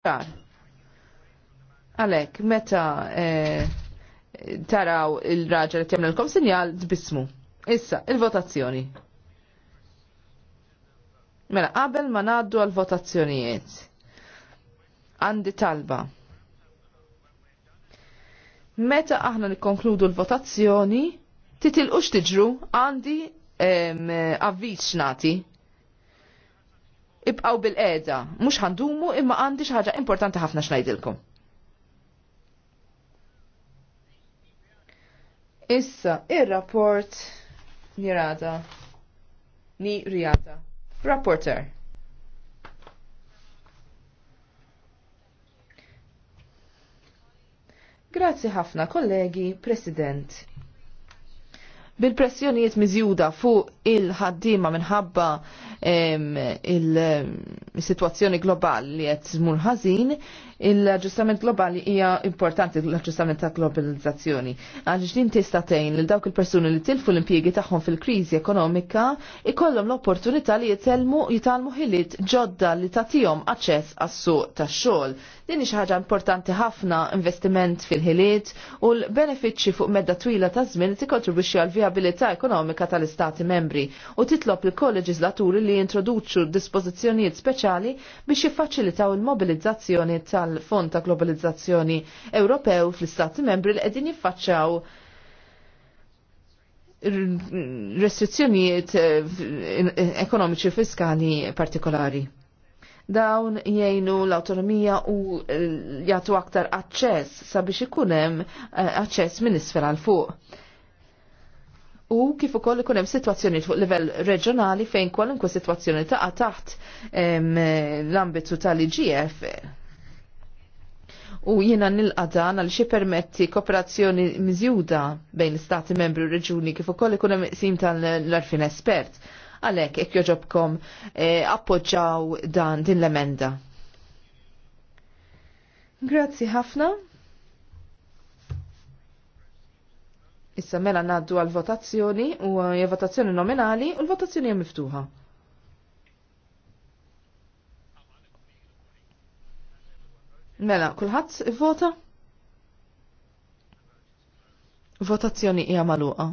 ċar. Għalek, meta eh, taraw il-raġel li l-kom sinjal t-bismu. Issa, il-votazzjoni. Mela, qabel ma naddu għal-votazzjonijiet. Għandi talba. Meta aħna nikkonkludu l-votazzjoni, titilqux tiġru għandi avviċ nati ibqaw bil-qeda, mux ħandumu imma għandi xaħġa importanti ħafna xnajdilkom. Issa, il-rapport nirada. Ni riada. Rapporter. Grazzi ħafna kollegi, President. Bil-pressjonijiet miżjuda fuq il-ħaddima minħabba il-situazzjoni globali li qed zmur ħażin, l-aġġustament globali hija importanti l-aġġustament ta' globalizzazzjoni. Għaliex din tista' tgħin lil dawk il-persuni li tilfu l-impjiegi tagħhom fil-kriżi ekonomika ikollhom l-opportunità li jitalmu jitalmu ħiliet ġodda li tagħtihom aċċess għas-suq tax-xogħol. Din hi ħaġa importanti ħafna investiment fil-ħiliet u l-benefiċċji fuq medda twila ta' żmien tikkontribwixxi għal viabilità ekonomika tal-istati membri u titlob il-kolleġislaturi li jintroduċu dispozizjonijiet speċjali biex jiffaċilitaw il-mobilizzazzjoni tal-Fond ta' Globalizzazzjoni Ewropew fl-Istati membri li qegħdin jiffaċċaw restrizzjonijiet eh, ekonomiċi fiskali partikolari dawn jgħinu l-autonomija u eh, jgħatu aktar aċċess sabiex ikun hemm eh, aċċess minn isfel għal fuq u kif ukoll ikun hemm sitwazzjoni fuq livell reġjonali fejn kwalunkwe sitwazzjoni taqa' taħt l-ambitu tal-IGF u jiena nilqa dan għal xi permetti kooperazzjoni miżjuda bejn l-Stati membri u reġuni kif ukoll ikun hemm iqsim tal-arfin espert. Għalhekk jekk joġobkom eh, appoġġaw dan din l-emenda. Grazzi ħafna. Issa mela naddu għal votazzjoni u votazzjoni nominali u l-votazzjoni hija miftuħa. Mela, kulħadd vota? Votazzjoni hija magħluqa.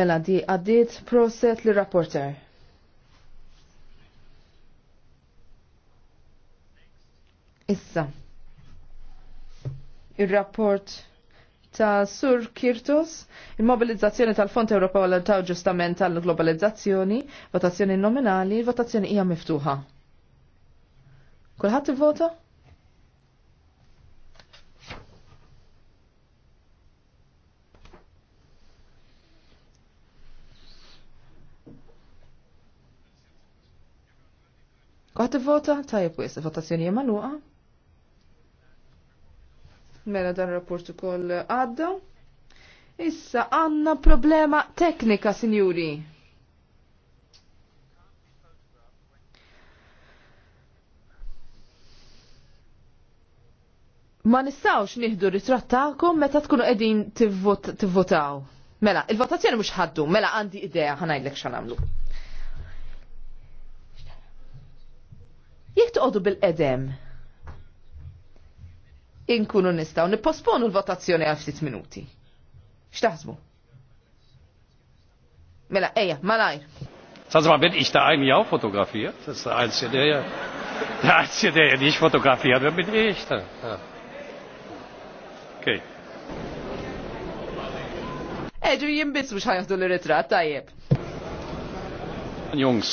Mela di għaddiet proset li rapporter. Issa. Il-rapport ta' Sur Kirtos, il-mobilizzazzjoni tal-Fond Ewropew għal ta' ġustament tal-globalizzazzjoni, votazzjoni nominali, votazzjoni hija miftuħa. Kulħadd ivvota? Kulħadd ivvota? Tajjeb wis, votazzjoni hija magħluqa. Mela dan rapport ukoll għadda. Issa għanna problema teknika, sinjuri. Ma nistawx nieħdu ritrattakom meta tkunu qegħdin tivvotaw. Mela, il-votazzjoni mhux ħaddu, mela għandi idea ħanajdlek nagħmlu. Jekk toqgħodu bil-qedem, inkunu nistaw nipposponu l-votazzjoni għal ftit minuti. X'taħsbu? Mela, eja, malajr. Sazma bin ich da eigentlich auch fotografija, Das għal der Għal der, der, fotografija, der nicht fotografiert wird, bin Eġu jimbizmu xħajħdu l-ritrat, tajjeb. Jungs.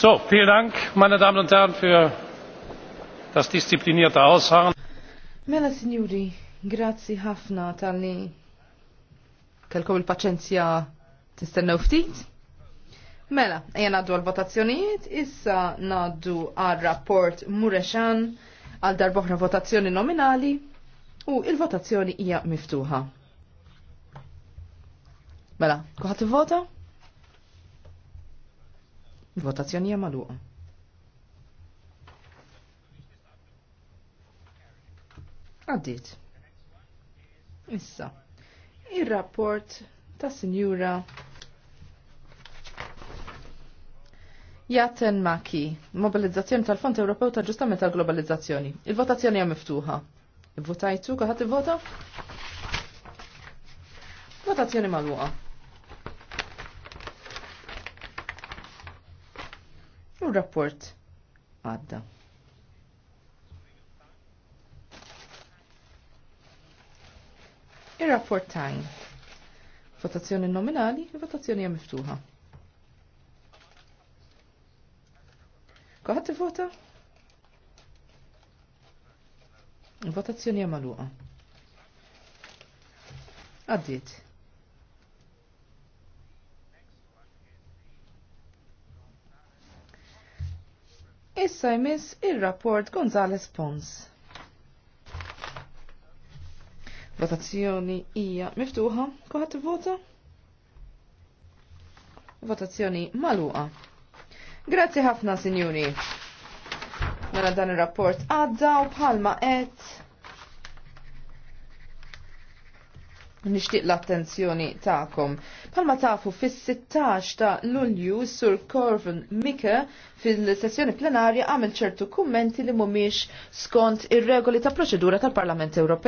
So, Dank, Mela, Signori, grazzi ħafna tal-li kelkom il-paċenzja tistennew ftit. Mela, ejja naddu għal-votazzjonijiet, issa naddu għal-rapport Mureshan għal darboħra votazzjoni nominali u il-votazzjoni hija miftuħa. Mela, kuħat vota? Votazzjoni hija magħluqa. Għaddit. Issa. Ir-rapport ta' Sinjura Jaten Maki, mobilizzazzjoni tal-Fond Ewropew ta' ġustament tal-globalizzazzjoni. Il-votazzjoni hija miftuħa. Votajtu, kħat il-vota? Votazzjoni magħluqa. u rapport għadda. Il-rapport tajn. Votazzjoni nominali, votazzjoni hija miftuħa. Koħat vota? Votazzjoni hija magħluqa. Għaddiet. Issa jmiss il-rapport Gonzales Pons. Votazzjoni hija miftuħa, kuħat vota? Votazzjoni maluqa. Grazzi ħafna, sinjuri. Mela dan ir rapport għadda u bħalma qed nixtieq l-attenzjoni tagħkom. Palma tafu fis-16 ta' Lulju Sur Corvin Mike fil-sessjoni plenarja għamel ċertu kummenti li mhumiex skont ir-regoli ta' proċedura tal-Parlament Ewropew.